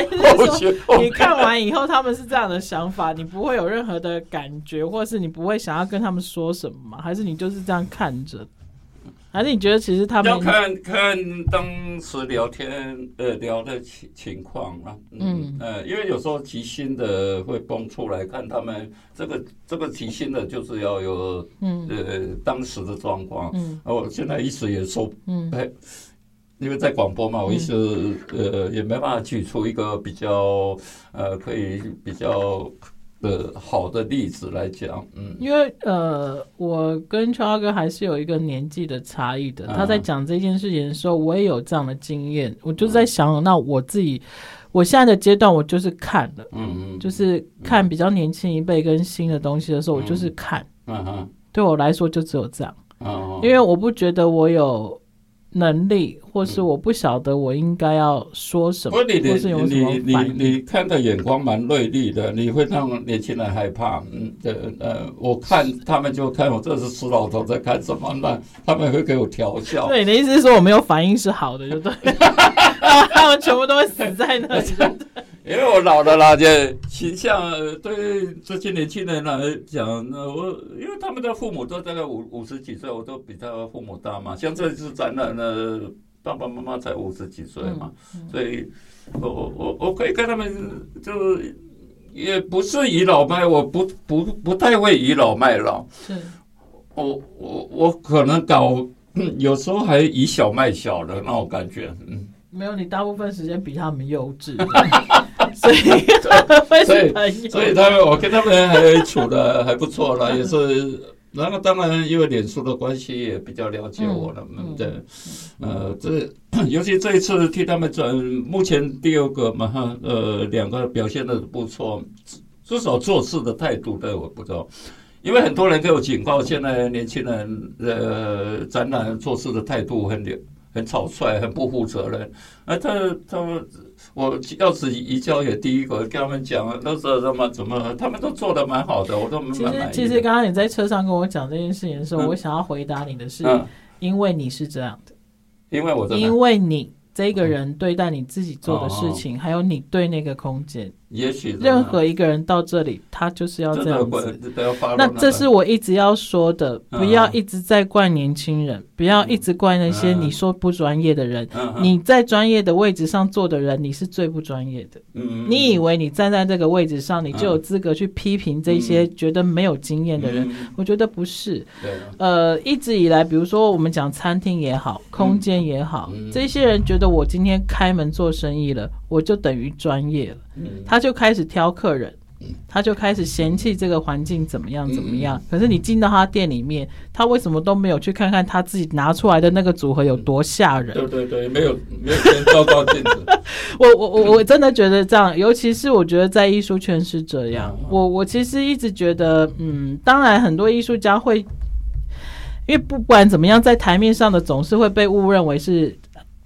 說，你看完以後，他們是這樣的想法，你不會有任何的感覺，或是你不會想要跟他們說什麼嗎，還是你就是這樣看着？還是你覺得其實他們要看看當時聊天呃聊的情情況嘛？嗯，嗯呃，因為有時候即興的會蹦出來，看他們這個這個即興的就是要有、嗯、呃當時的狀況，嗯，而我現在一時也說嗯因為在廣播嘛，我也是、嗯、呃，也沒辦法舉出一個比較呃，可以比較的好的例子來講。嗯，因為呃，我跟川哥還是有一個年紀的差異的。他在講這件事情的時候，我也有這樣的經驗、嗯。我就在想，那我自己，我現在的階段，我就是看的。嗯嗯，就是看比較年輕一輩跟新的東西的時候，嗯、我就是看。嗯嗯，對我來說就只有這樣。嗯、因為我不覺得我有。能力，或是我不曉得我應該要說什麼。嗯、或是有什麼你，你你你看的眼光蠻銳利的，你會讓年輕人害怕。嗯，呃，我看他們就看我這是死老頭在看什麼呢？他們會給我調笑。對，你的意思是說我沒有反應是好的，就對了。 他們全部都會死在那。 因為我老了啦，就形象對這些年輕人來講，我因為他們的父母都大概五五十幾歲，我都比他們父母大嘛。像這次展覽的爸爸媽媽才五十幾歲嘛，嗯嗯、所以我我我我可以跟他們就是也不是倚老賣，我不不不太會倚老賣老。是，我我我可能搞有時候還以小賣小的，那種感覺，嗯，沒有你，大部分時間比他們幼稚。 所以，所以，所以他們，我跟他們還處的還不錯啦， 也是。然後，當然因為臉書的關係也比較了解我了。嗯對嗯，呃，這尤其這一次替他們轉，目前第二個嘛哈，呃，兩個表現的不錯，至少做事的態度，對，我不知道。因為很多人都有警告，現在年輕人呃，展覽做事的態度很劣。很草率，很不負責任。哎、啊，他們他們，我要是移交也第一個跟他們，講啊，那時候他媽怎麼他們都做的蠻好的，我都蠻滿意。其實，其實剛剛你在車上跟我講這件事情的時候，嗯、我想要回答你的是，是、嗯，因為你是這樣的，因為我的，因為你這個人對待你自己做的事情，嗯、還有你對那個空間。也許任何一個人到這裡，他就是要這樣子。那這是我一直要說的，不要一直在怪年輕人、嗯，不要一直怪那些你說不專業的人。嗯嗯嗯嗯嗯、你在專業的位置上做的人，你是最不專業的、嗯嗯嗯。你以為你站在這個位置上，你就有資格去批評這些覺得沒有經驗的人、嗯嗯嗯？我覺得不是、對啊。呃，一直以來，比如說我們講餐廳也好，空間也好、嗯嗯，這些人覺得我今天開門做生意了，我就等於專業了。他就開始挑客人、嗯，他就開始嫌棄這個環境怎麼樣怎麼樣。嗯、可是你進到他店裡面、嗯，他為什麼都沒有去看看他自己拿出來的那個組合有多嚇人、嗯？對對對，沒有 沒有先照照鏡子。 我我我我真的覺得這樣，尤其是我覺得在藝術圈是這樣。嗯、我我其實一直覺得，嗯，當然很多藝術家會，因為不管怎麼樣，在台面上的總是會被誤認為是。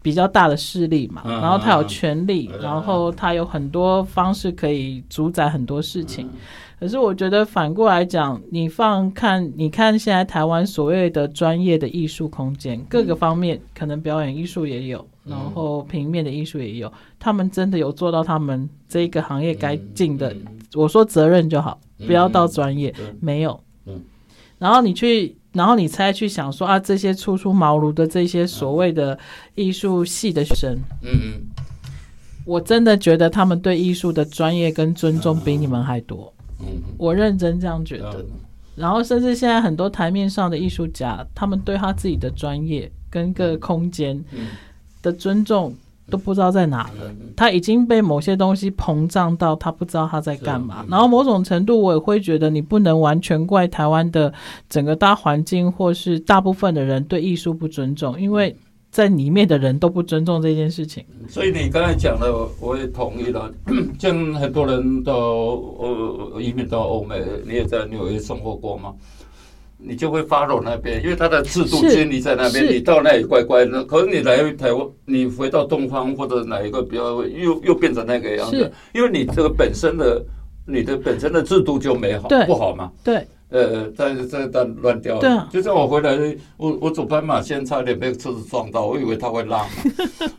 比較大的勢力嘛，然後他有權力、嗯，然後他有很多方式可以主宰很多事情、嗯。可是我覺得反過來講，你放看，你看現在台灣所謂的專業的藝術空間，各個方面、嗯、可能表演藝術也有，然後平面的藝術也有，嗯、他們真的有做到他們這一個行業該盡的、嗯嗯，我說責任就好，不要到專業、嗯、沒有、嗯嗯。然後你去。然後你再去想說啊，這些初出茅廬的這些所謂的藝術系的學生，嗯嗯，我真的覺得他們對藝術的專業跟尊重比你們還多，嗯、我認真這樣覺得、嗯。然後甚至現在很多台面上的藝術家，他們對他自己的專業跟個空間的尊重。嗯嗯都不知道在哪了，他已經被某些東西膨脹到他不知道他在幹嘛，啊。然後某種程度，我也會覺得你不能完全怪台灣的整個大環境或是大部分的人對藝術不尊重，因為在裡面的人都不尊重這件事情。嗯，所以你剛才講的，我也同意了。像 很多人都呃移民到歐美，你也在紐約生活過嗎？你就會 follow 那邊，因為他的制度建立在那邊，你到那裡乖乖的。是，可是你來台灣，你回到東方或者哪一個比較，又又變成那個樣子，因為你這個本身的你的本身的制度就沒好不好嘛？對。呃、欸，在在在亂掉，對啊，就像、是、我回來，我我走斑馬線差點被車子撞到，我以為他會讓嘛，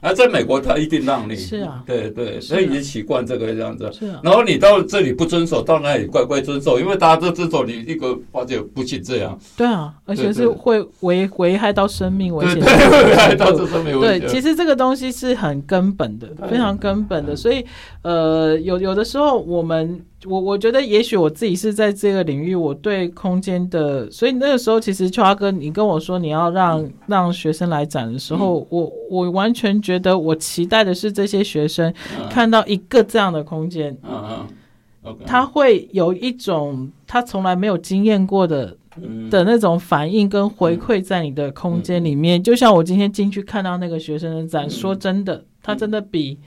而、 啊、在美國他一定讓你，是啊，對對，所以你習慣這個這樣子，是啊，然後你到這裡不遵守，到那裡乖乖遵守，因為大家都遵守，你一個發覺不僅這樣，對啊，而且是會危危害到生命危險，對對，危害到這生命危險，對，其實這個東西是很根本的，非常根本的，嗯、所以呃，有有的時候我們。我我覺得，也許我自己是在這個領域，我對空間的，所以那個時候，其實秋華哥，你跟我說你要讓、嗯、讓學生來展的時候，嗯、我我完全覺得，我期待的是這些學生看到一個這樣的空間、啊，他會有一種他從來沒有經驗過的、嗯、的那種反應跟回饋在你的空間裡面、嗯嗯。就像我今天進去看到那個學生的展，嗯、說真的，他真的比、嗯、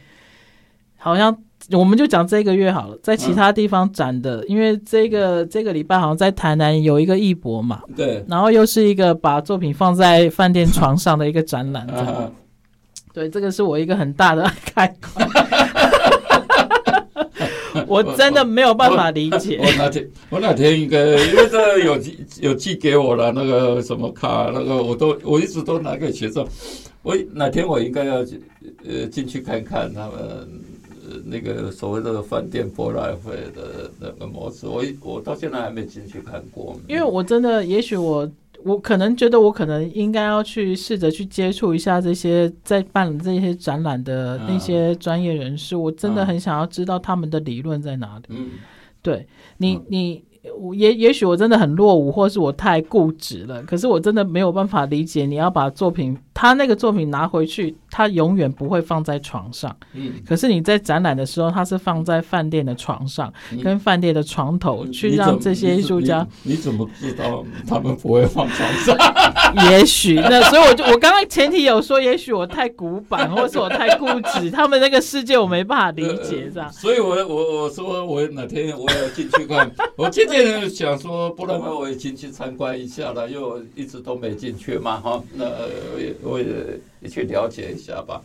好像。我們就講這個月好了，在其他地方展的，嗯、因為這個這個禮拜好像在台南有一個藝博嘛，對，然後又是一個把作品放在飯店床上的一個展覽、啊，對，這個是我一個很大的開 我真的沒有辦法理解。我，我，我，我哪天，我哪天應該因為這有寄有寄給我了 那個什麼卡，那個我都我一直都拿給學生。我哪天我應該要去呃進去看看他們。那個所謂的飯店博覽會的那個模式，我我到現在還沒進去看過。因為我真的，也許我我可能覺得我可能應該要去試着去接觸一下這些在辦這些展覽的那些專業人士，嗯、我真的很想要知道他們的理論在哪裡？嗯，對你，嗯、你我也也許我真的很落伍，或是我太固執了，可是我真的沒有辦法理解你要把作品，他那個作品拿回去。他永遠不會放在床上，嗯。可是你在展覽的時候，他是放在飯店的床上，嗯、跟飯店的床頭去讓這些藝術家你。你怎麼知道他們不會放床上？ 也許那所以我就 我剛剛前提有說，也許我太古板，或是我太固執， 他們那個世界我沒辦法理解，是吧？呃、所以我，我我我說我哪天我也要進去看， 我今天 想說不能吧，我也進去參觀一下了，因為我一直都沒進去嘛，哈。那我我。我你去了解一下吧，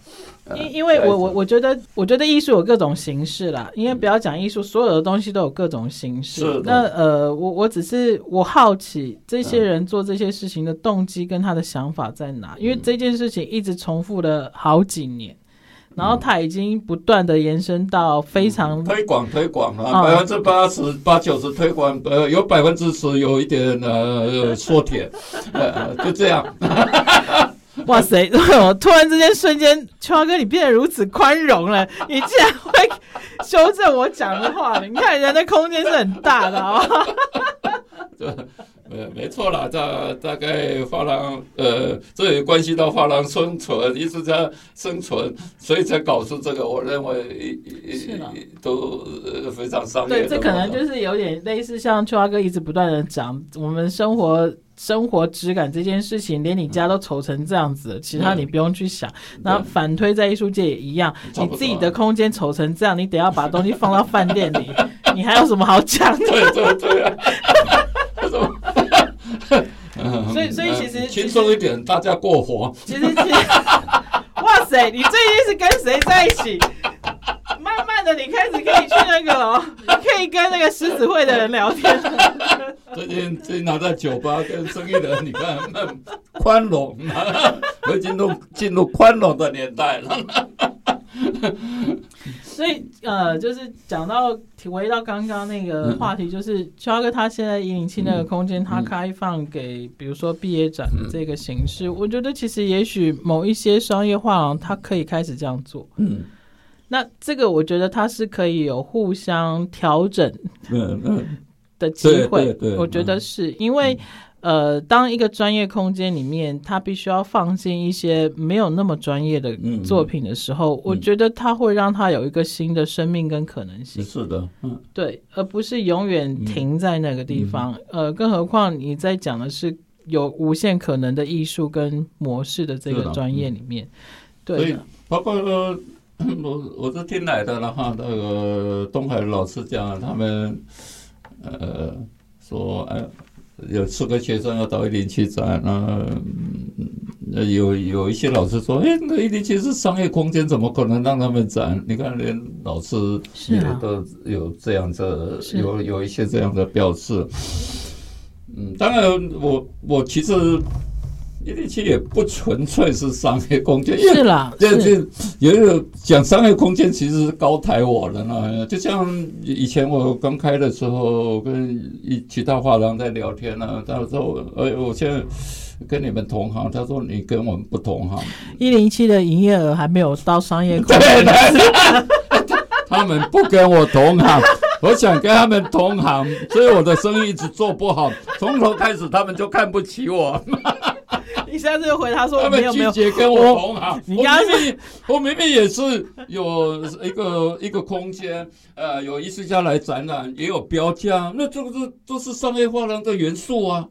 因、啊、因為我我我覺得我覺得藝術有各種形式啦，因為不要講藝術，所有的東西都有各種形式。是。那呃，我我只是我好奇這些人做這些事情的動機跟他的想法在哪、嗯？因為這件事情一直重複了好幾年，嗯、然後他已經不斷的延伸到非常推廣推廣了、啊，百分之八十八九十推廣，呃，有百分之十有一點呃,呃縮帖， 呃，就這樣。 哇塞！我突然之間瞬間，秋哥哥，你變得如此寬容了，你竟然會修正我講的話。你看，人的空間是很大的啊，哦。 沒錯了，大大概畫廊，呃，這也關係到畫廊生存，一直在生存，所以才搞出這個。我認為都非常商業。對，這可能就是有點類似像秋花哥一直不斷的講我們生活生活質感這件事情，連你家都醜成這樣子，嗯、其他你不用去想、嗯。那反推在藝術界也一樣，你自己的空間醜成這樣，你得要把東西放到飯店裡， 你還有什麼好講的？對對對、啊。 嗯、所以，所以其實輕鬆一點，大家過活。其實，哇塞，你最近是跟誰在一起？慢慢的，你開始可以去那個哦，可以跟那個獅子會的人聊天。最近最近，拿在酒吧跟生意人，你看，蠻寬容，我已經都進入寬容的年代了。所以呃，就是講到回到剛剛那個話題，就是喬、嗯、哥他現在一零七那個空間、嗯，他開放給比如說畢業展這個形式，嗯、我覺得其實也許某一些商業畫廊，他可以開始這樣做。嗯，那這個我覺得他是可以有互相調整。嗯嗯。 的機會對對對，我覺得是、嗯、因為，呃，當一個專業空間裡面，他必須要放進一些沒有那麼專業的作品的時候，嗯、我覺得他會讓他有一個新的生命跟可能性。是的，嗯，對嗯，而不是永遠停在那個地方、嗯。呃，更何況你在講的是有無限可能的藝術跟模式的這個專業裡面，嗯、對，包括我，我是聽來的然後那個東海老師講、啊、他們。呃，說哎，有四個學生要到107去展啊，那、呃、有有一些老師說，哎，那107其實是商業空間，怎麼可能讓他們展？你看連老師都有這樣的、啊，有有一些這樣的表示。嗯，當然我，我我其實。一零七也不純粹是商業空間，是啦，這這也有講商業空間，其實是高抬我了呢。就像以前我剛開的時候，我跟其他畫廊在聊天呢、啊，他說：“哎，我現在跟你們同行。”他說：“你跟我們不同行。”一零七的營業額還沒有到商業空間。 他們不跟我同行，我想跟他們同行，所以我的生意一直做不好。從頭開始，他們就看不起我。你現在就回他說，我沒有沒有，我明明我明明也是有一個一個空間，呃，有藝術家來展覽，也有標價，那這、就、個是這是商業化的元素啊，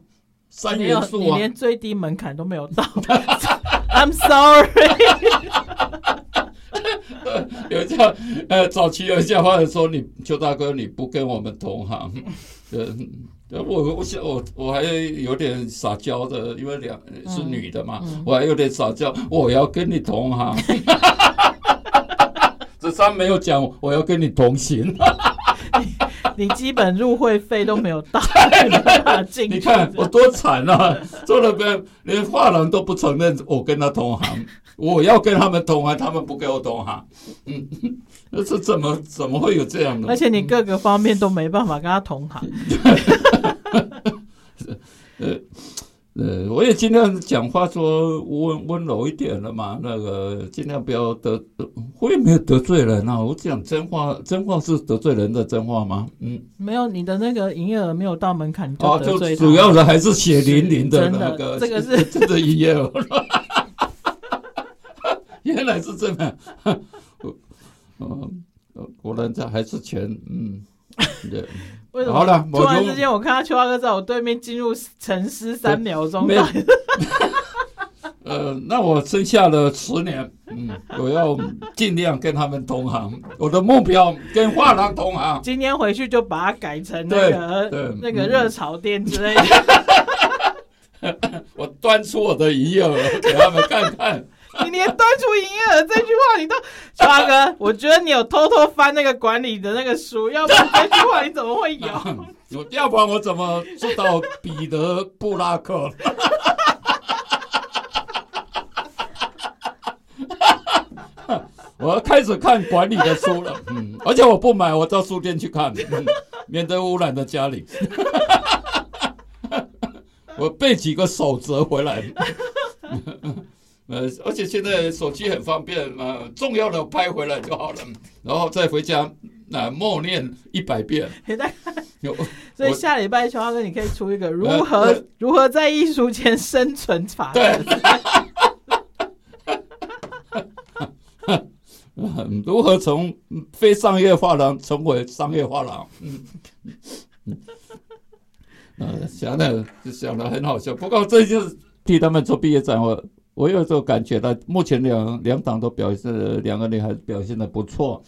商業元素啊，你你連最低門檻都沒有到的 ，I'm sorry 有叫呃、欸、早期有叫一話一說，你邱大哥，你不跟我們同行，呃我我我我還有點撒嬌的，因為兩是女的嘛，我還有點撒嬌、嗯嗯， 我要跟你同行。這三沒有講我要跟你同行，你基本入會費都沒有到 你，能能 你看 我多慘慘啊，做了個連畫廊都不承認我跟他同行。 我要跟他們同行，他們不跟我同行，嗯，這怎麼怎麼會有這樣的？而且你各個方面都沒辦法跟他同行。呃 呃， 我也盡量講話說溫溫柔一點了嘛。那個盡量不要得，我也沒有得罪人啊。我講真話，真話是得罪人的真話嗎？嗯，沒有，你的那個營業額沒有到門檻就得罪他、啊、就主要的還是血淋淋的那個的、那個、這個是的營業額。 原來是這樣，我、呃，果然這還是錢，嗯，對、 yeah.。為什麼？好了，突然之間，我看到秋華哥在我對面進入沉思三秒鐘。 沒 呃，那我剩下了十年，嗯，我要盡量跟他們同行。我的目標跟畫廊同行。 今天回去就把它改成那個那個熱炒店之類的、嗯。 我端出我的營業額給他們看看。 你連端出營業額這句話你都，川哥,哥，我覺得你有偷偷翻那個管理的那個書，要不然這句話你怎麼會有？要不然我怎麼知道彼得·布拉克？ 我要開始看管理的書了，嗯，而且我不買，我到書店去看，免、嗯、得污染的家裡。 我背幾個守則回來。 呃，而且現在手機很方便，呃，重要的拍回來就好了，然後再回家那、呃、默念一百遍。有、欸，所以下禮拜，熊浩哥，你可以出一個如何、呃呃、如何在藝術圈生存法則。對， 如何從非商業畫廊成為商業畫廊，嗯？嗯，想的就想的很好笑，不過這就是替他們做畢業展我。我有時候感覺到，目前兩兩黨都表示，兩個女孩表現得不錯，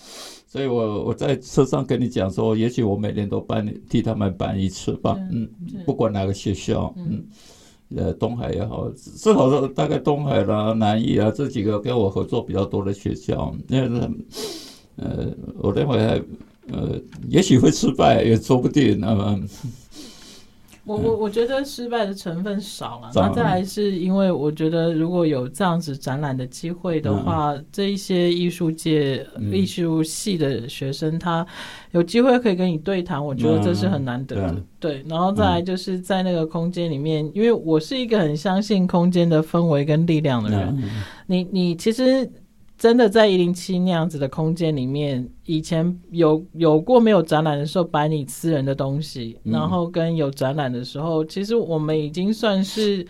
所以我我在車上跟你講說，也許我每年都辦替他們辦一次吧，嗯，不管哪個學校，嗯，呃、嗯，東海也好，至少說大概東海啦、南藝啊這幾個跟我合作比較多的學校，因為呃，我認為呃，也許會失敗，也說不定，那、嗯、麼。我我我覺得失敗的成分少了、啊嗯，那再來是因為我覺得如果有這樣子展覽的機會的話，嗯、這一些藝術界藝術系、嗯、的學生他有機會可以跟你對談、嗯，我覺得這是很難得的、嗯。對，然後再來就是在那個空間裡面、嗯，因為我是一個很相信空間的氛圍跟力量的人，嗯、你你其實。真的在一零七那樣子的空間裡面，以前有有過沒有展覽的時候擺你私人的東西，然後跟有展覽的時候，嗯，其實我們已經算是。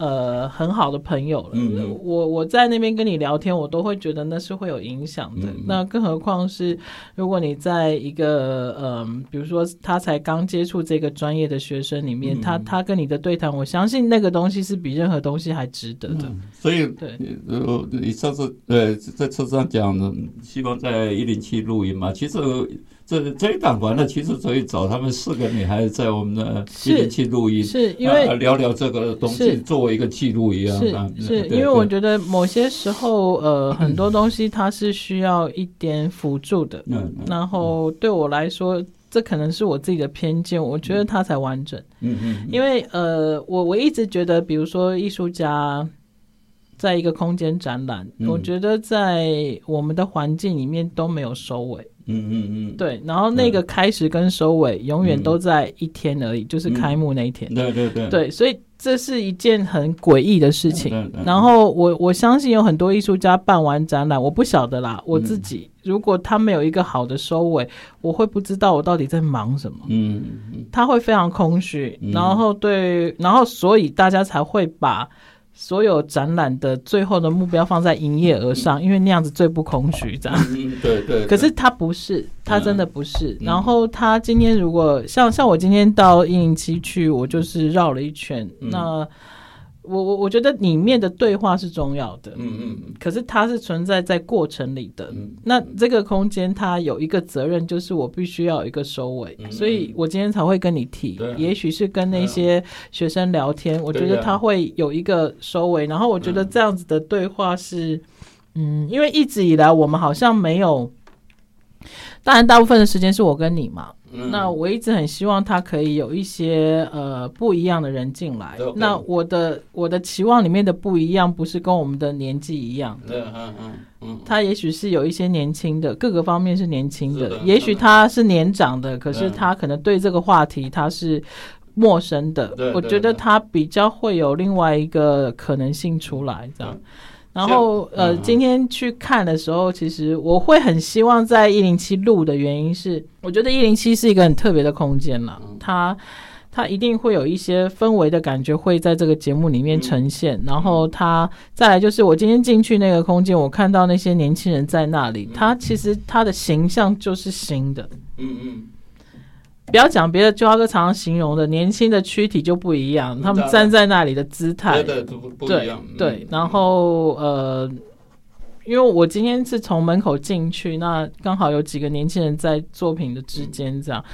呃，很好的朋友了。嗯、我我在那邊跟你聊天，我都會覺得那是會有影響的、嗯。那更何況是如果你在一個嗯、呃，比如說他才剛接觸這個專業的學生裡面，嗯、他他跟你的對談，我相信那個東西是比任何東西還值得的。嗯、所以，對，呃、你上次呃，在車上講的，希望在一零七錄音嘛。其實這這一檔完了，其實可以找他們四個女孩子在我們的一零七錄音，是、呃、是因為聊聊這個東西作為。一個記錄一樣是是，嗯、因為我覺得某些時候，呃，很多東西它是需要一點輔助的，嗯， 然後對我來說這可能是我自己的偏見，我覺得它才完整，嗯嗯，嗯，因為呃，我我一直覺得，比如說藝術家在一個空間展覽，嗯、我覺得在我們的環境裡面都沒有收尾，嗯嗯嗯，對，然後那個開始跟收尾永遠都在一天而已，嗯、就是開幕那一天，嗯、對對對，對，所以。這是一件很詭異的事情。嗯嗯、然後我我相信有很多藝術家辦完展覽，我不曉得啦。我自己如果他沒有一個好的收尾，嗯、我會不知道我到底在忙什麼。嗯、他會非常空虛，嗯。然後對，然後所以大家才會把。所有展覽的最後的目標放在營業額上、嗯，因為那樣子最不空虛，這樣。嗯、對，對對。可是他不是，他真的不是。嗯、然後他今天如果像像我今天到107去，我就是繞了一圈。嗯、那。嗯我我我覺得裡面的對話是重要的，嗯嗯，可是它是存在在過程裡的。嗯嗯、那這個空間它有一個責任，就是我必須要有一個收尾，嗯，所以我今天才會跟你提，嗯、也許是跟那些學生聊天，嗯、我覺得他會有一個收尾，嗯，然後我覺得這樣子的對話是，嗯，嗯嗯因為一直以來我們好像沒有，當然大部分的時間是我跟你嘛。 那我一直很希望他可以有一些呃不一樣的人進來。Okay. 那我的我的期望裡面的不一樣，不是跟我們的年紀一樣，對。 他也許是有一些年輕的，各個方面是年輕的，的。也許他是年長的、嗯，可是他可能對這個話題他是陌生的。我覺得他比較會有另外一個可能性出來這樣。然後、嗯，呃，今天去看的時候，其實我會很希望在一零七錄的原因是，我覺得一零七是一個很特別的空間嘛、嗯。它，它一定會有一些氛圍的感覺會在這個節目裡面呈現。嗯、然後它，它再來就是我今天進去那個空間，我看到那些年輕人在那裡，他其實他的形象就是新的。嗯嗯。嗯不要講別的，就阿哥常常形容的年輕的軀體就不一樣，他們站在那裡的姿態、嗯，對對，對，對，對、嗯，然後呃，因為我今天是從門口進去，那剛好有幾個年輕人在作品的之間，這樣、嗯，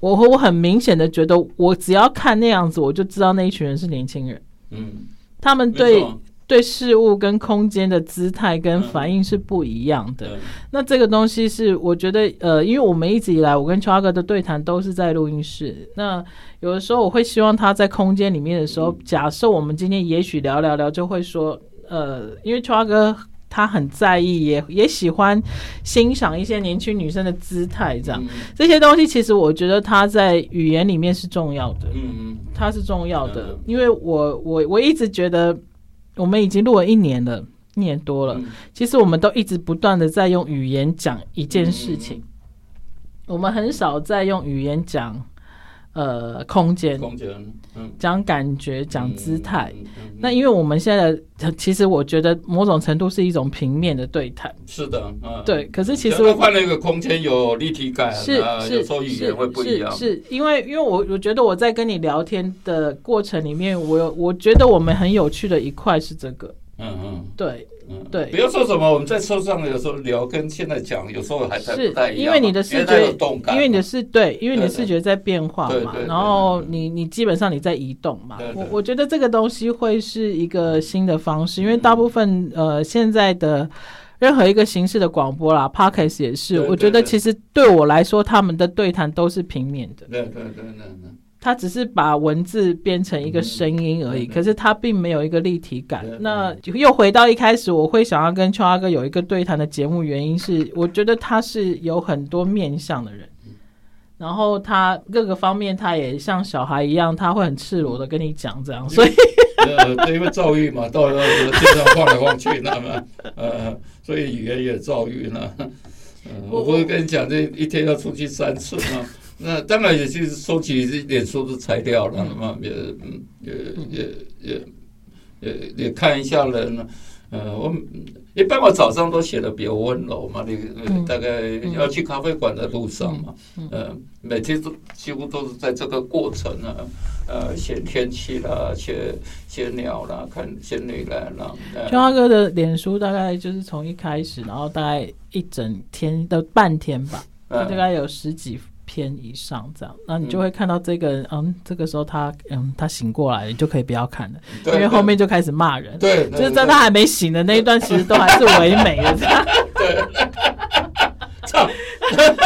我和我很明顯的覺得，我只要看那樣子，我就知道那一群人是年輕人，嗯，他們對。對事物跟空間的姿態跟反應是不一樣的。嗯、那這個東西是，我覺得，呃，因為我們一直以來，我跟 c 哥的對談都是在錄音室。那有的時候我會希望他在空間裡面的時候，嗯、假設我們今天也許聊聊聊，就會說，呃，因為 c 哥他很在意，也也喜歡欣賞一些年輕女生的姿態這樣、嗯。這些東西其實我覺得他在語言裡面是重要的。嗯，他是重要的，嗯、因為我我我一直覺得。我們已經錄了一年了，一年多了。嗯，其實我們都一直不斷的在用語言講一件事情，嗯，我們很少在用語言講，呃，空間。空講感覺，講姿態、嗯。那因為我們現在的，其實我覺得某種程度是一種平面的對談。是的、啊，對。可是其實換了一個空間，有立體感，是是。你說語言會不一樣。是，是是是，因為因為我我覺得我在跟你聊天的過程裡面，我我覺得我們很有趣的一塊是這個。嗯嗯，對，嗯對，不要說什麼，我們在車上有時候聊，跟現在講有時候還在不太一樣，是因為你的視覺，因為你的視對，因為你的視覺在變化嘛，對對然後你你基本上你在移動嘛，對對對我我覺得這個東西會是一個新的方式，對對因為大部分呃現在的任何一個形式的廣播啦，podcast 也是對對對，我覺得其實對我來說，他們的對談都是平面的，對對對對對。他只是把文字變成一個聲音而已，嗯對對對，可是他並沒有一個立體感。那又回到一開始，我會想要跟秋華哥有一個對談的節目，原因是我覺得他是有很多面向的人，嗯，然後他各個方面他也像小孩一樣，他會很赤裸的跟你講這樣，對所以， 呃、對因為遭遇嘛，到時候經常晃來晃去，那 麼呃，所以語言也遭遇呢。我不是跟你講，這一天要出去三次嗎？啊？ 那當然，也是收集這臉書的材料了嘛，也，也也也也也看一下人了。呃，我一般我早上都寫的比較溫柔嘛，你大概要去咖啡館的路上嘛，呃，每天都幾乎都是在這個過程啊。呃，寫天氣啦，寫寫鳥啦，看仙女人啦，了。青蛙哥的臉書大概就是從一開始，然後大概一整天到半天吧，大概有十幾篇以上這樣，那你就會看到這個人，嗯、啊，這個時候他，嗯，他醒過來，你就可以不要看了，對對對，因為後面就開始罵人，對，就是在他還沒醒的那一段，其實都還是唯美的。 對。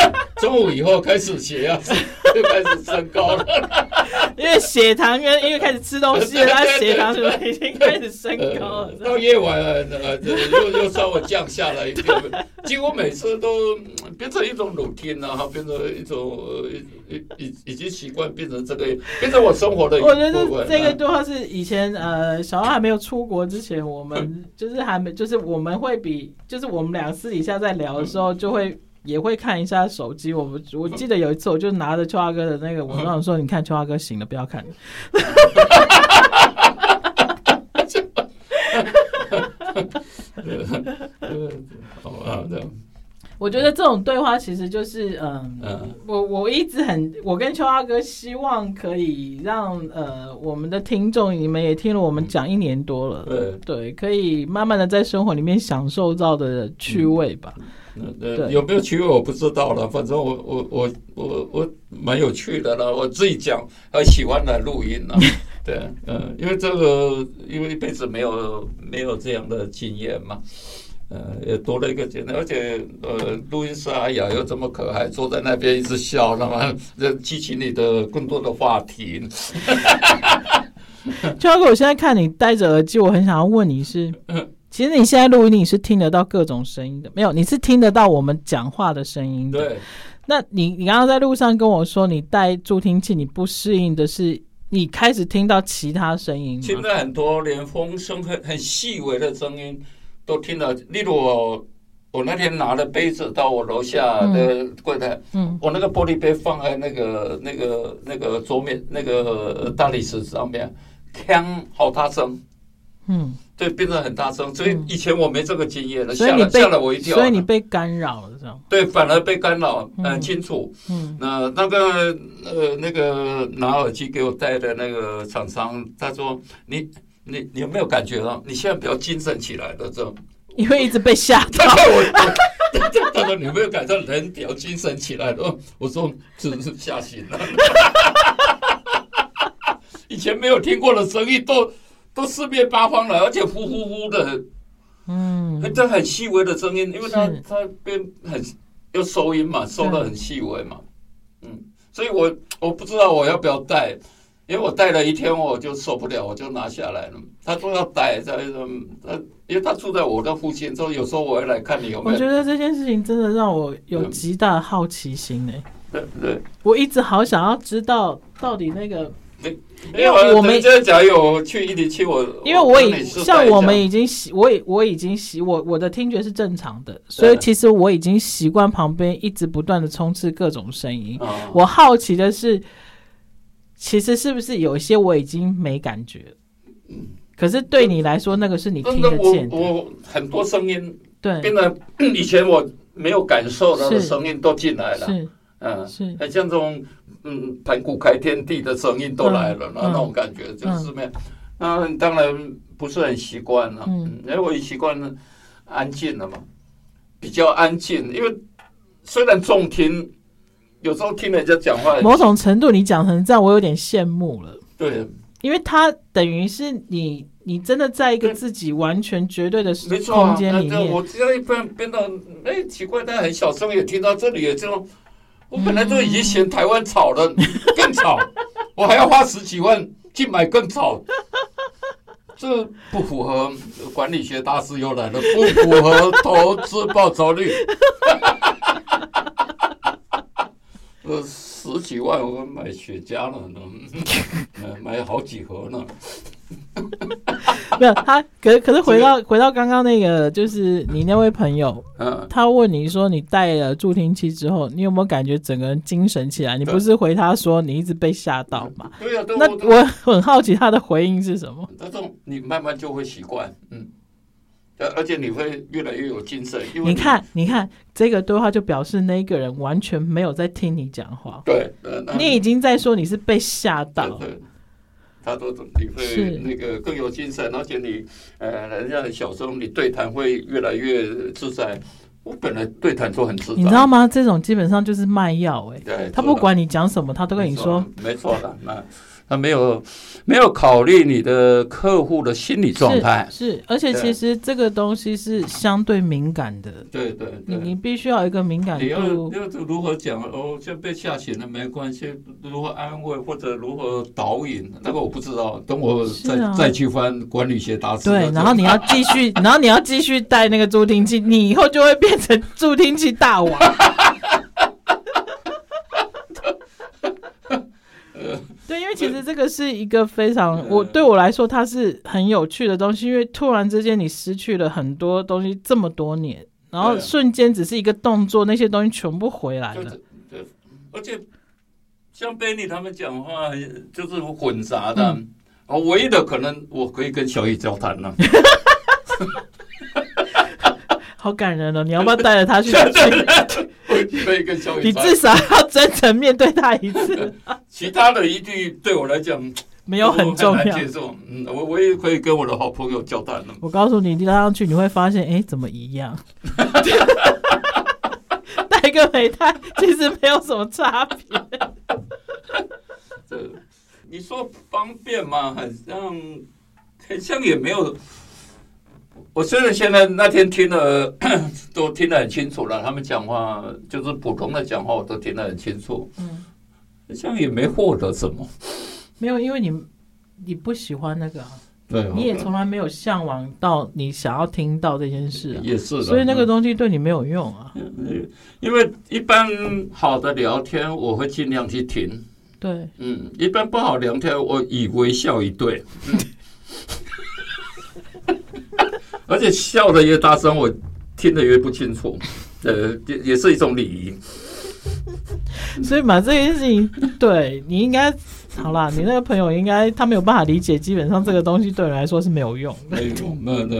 中午以後開始血壓就開始升高了， 因為血糖因因為開始吃東西了，血糖什麼已經開始升高了 對對對對對、呃。了到夜晚了呃又又稍微降下來一點，幾乎每次都變成一種 routine 變成一種已、呃、已經習慣變成這個變成我生活的一。我覺得這個對話是以前呃小奧還沒有出國之前，我們就是還沒就是我們會比就是我們倆私底下在聊的時候就會。也會看一下手機。我我記得有一次，我就拿着秋阿哥的那個，我跟他說：“你看秋阿哥醒了，不要看。”哈哈哈哈哈哈！我覺得這種對話其實就是，嗯，嗯我我一直很……我跟秋阿哥希望可以讓，呃，我們的聽眾，你們也聽了我們講一年多了，對，可以慢慢的在生活裡面享受到的趣味吧。嗯呃、有沒有趣味我不知道啦，反正我我我我我蠻有趣的啦，我自己講，我喜歡來錄音了， 對，嗯、呃，因為這個，因為一輩子沒有沒有這樣的經驗嘛，呃，也多了一個簡單。而且呃，錄音師阿雅又這麼可愛，坐在那邊一直笑，那麼激起你的更多的話題。超哥，我現在看你戴着耳機，我很想要問你是。嗯其實你現在錄音，你是聽得到各種聲音的。沒有，你是聽得到我們講話的聲音的。對。那你你剛剛在路上跟我說，你戴助聽器，你不適應的是你開始聽到其他聲音。現在很多連風聲很很細微的聲音都聽到，例如我我那天拿了杯子到我樓下的櫃檯，嗯，我那個玻璃杯放在那個那個那個桌面那個大理石上面，鏘，好大聲，嗯。所以變得很大聲，所以以前我沒這個經驗了，嚇了嚇了，嚇了，嚇了我一跳，所以你被干擾了，這樣。對，反而被干擾，很清楚。嗯，那那個呃那個拿耳機給我戴的那個廠商他說，你你你有沒有感覺到啊？你現在比較精神起來了，這樣。你會一直被嚇到。 他說你有沒有感覺到人比較精神起來了？我說只是嚇醒了。以前沒有聽過的聲音都。都四面八方了，而且呼呼呼的，嗯，這很細微的聲音，因為他他邊很要收音嘛，收的很細微嘛，嗯，所以我我不知道我要不要戴，因為我戴了一天我就受不了，我就拿下來了。他都要戴，在什麼？他因為他住在我的附近，所以有時候我會來看你有沒有。我覺得這件事情真的讓我有極大的好奇心呢，欸，對對，我一直好想要知道到底那個。因為我們就是假如有去107，我因為我已像我們已經習，我我已經習，我我的聽覺是正常的，所以其實我已經習慣旁邊一直不斷的充斥各種聲音。我好奇的是，其實是不是有些我已經沒感覺？可是對你來說，那個是你聽得見。我很多聲音，對，變得以前我沒有感受到的聲音都進來了。嗯，是，像這種。嗯，盤古開天地的聲音都來了，那、嗯、那種感覺就是那樣。那、嗯啊、當然不是很習慣了，因為我習慣了安靜了嘛，比較安靜。因為雖然重聽，有時候聽人家講話，某種程度你講成這樣，我有點羨慕了。對，因為他等於是你，你真的在一個自己完全絕對的時空間裡面。欸沒錯啊欸、我只要一翻變到，哎、欸，奇怪，但很小聲，也聽到這裡也到，有這種。我本來就已經嫌台灣吵了，更吵，我還要花十幾萬去買更吵，這不符合管理學大師又來了，不符合投資報酬率。呃，十幾萬我買雪茄了呢，買買好幾盒呢。 沒有他，可是可是回到、這個、回到剛剛那個，就是你那位朋友，嗯，他問你說你戴了助聽器之後，你有沒有感覺整個人精神起來？你不是回他說你一直被嚇到嗎？對啊，對啊，那我很好奇他的回應是什麼？這種、啊啊啊、 你慢慢就會習慣，嗯，而而且你會越來越有精神。因為你，你看，你看這個對話就表示那個人完全沒有在聽你講話，對、啊你，你已經在說你是被嚇到。他都你會那個更有精神，而且你呃，人家小時候你對談會越來越自在。我本來對談就很自在，你知道嗎？這種基本上就是賣藥哎、欸，對，他不管你講什麼，他都跟你說，沒錯的那。他沒有，沒有考慮你的客戶的心理狀態。是，是，而且其實這個東西是相對敏感的。對，對，你你必須要有一個敏感度，你要要如何講哦？就被嚇醒了沒關係，如何安慰或者如何導引？那、這個我不知道，等我再、啊、再去翻管理學大師。對，然後你要繼續， 然後你要繼續帶那個助聽器，你以後就會變成助聽器大王。 因為其實這個是一個非常對我對我來說，它是很有趣的東西。因為突然之間你失去了很多東西，這麼多年，然後瞬間只是一個動作，那些東西全部回來了。而且像貝尼他們講話就是混雜的，啊、嗯，唯一的可能我可以跟小雨交談了、啊， 好感人哦，你要不要帶着他去？ 你至少要真誠面對他一次。 其他的一句對我來講沒有很重要，我我也可以跟我的好朋友交談了。我告訴你，你拉上去你會發現，哎，怎麼一樣？戴 跟沒戴其實沒有什麼差別 這。你說方便嗎？好像，好像也沒有。我雖然現在那天聽了，都聽得很清楚了。他們講話就是普通的講話，我都聽得很清楚。嗯。好像也沒獲得什麼，沒有，因為你你不喜歡那個、啊，對，你也從來沒有嚮往到你想要聽到這件事、啊，也是的，所以那個東西對你沒有用啊。嗯、因為一般好的聊天，我會儘量去聽。對，嗯，一般不好聊天，我以微笑一對， 而且笑得越大聲，我聽得越不清楚。 呃，也也是一種禮儀。 所以嘛，這件事情對你應該好啦。你那個朋友應該他沒有辦法理解，基本上這個東西對你來說是沒有用。沒 有、哎，那那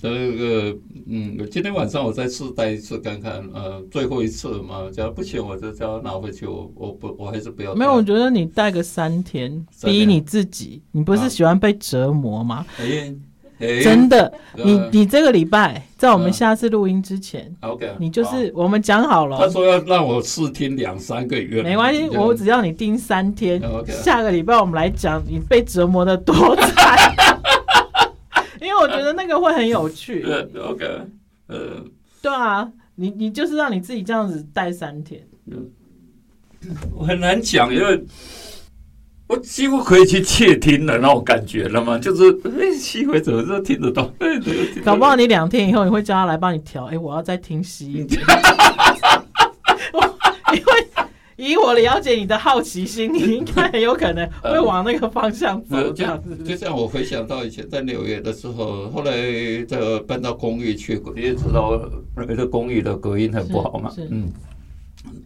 這個嗯，今天晚上我再試戴一次看看，呃，最後一次嘛。假如不行，我就叫他拿回去。我我不我還是不要。沒有，我覺得你戴個三天，逼你自己，你不是喜歡被折磨嗎？啊哎欸、真的，嗯、你你這個禮拜在我們下次錄音之前，嗯，OK，你就是我們講好了。他說要讓我試聽兩三個月，沒關係，我只要你盯三天。嗯 okay，下個禮拜我們來講你被折磨的多慘。 因為我覺得那個會很有趣。嗯 okay，嗯，對啊，你你就是讓你自己這樣子待三天。我，嗯，很難講， 因為。我幾乎可以去竊聽了，那種感覺了嗎？就是那吸、欸、回怎麼都聽得到，欸？搞不好你兩天以後你會叫他來幫你調。哎、欸，我要再聽細一點， 因為以我了解你的好奇心，你應該很有可能會往那個方向走。這樣子。嗯，就像我回想到以前在紐約的時候，後來再搬到公寓去，嗯、你也知道那，嗯、公寓的隔音很不好嘛、嗯。嗯，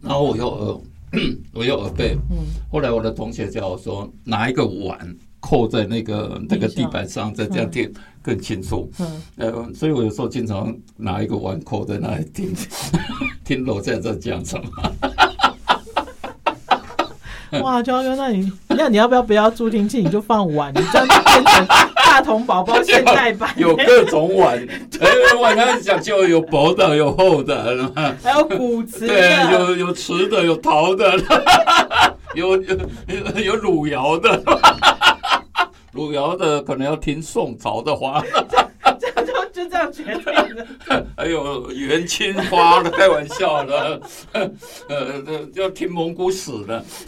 然後我又、呃。 我有耳背、嗯，後來我的同學叫我說，拿一個碗扣在那個那個地板上再這樣聽更清楚、嗯嗯呃。所以我有時候經常拿一個碗扣在那裡聽，嗯、 聽樓下在講什麼。 哇，嬌嬌，那你那你要不要不要助聽器？你就放碗，你這樣就變成大同寶寶現代版 有，有各種碗， 對、哎，碗你看講究有薄的，有厚的， 還有骨瓷，對，有有瓷的，有陶的， 有有有汝窯的，汝 窯的可能要聽宋朝的話。 是這樣決定了， 哎呦。還有元青花的 開玩笑了，呃呃，呃，要聽蒙古史的。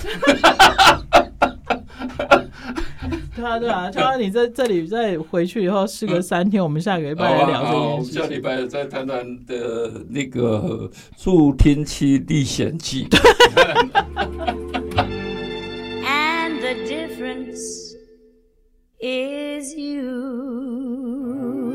對啊，對啊，他芳，你在這裡，再回去以後，事隔三天，嗯，我們下個禮拜來聊這，哦啊，下禮拜再談談的《那個助聽器歷險記。》 And the difference is you.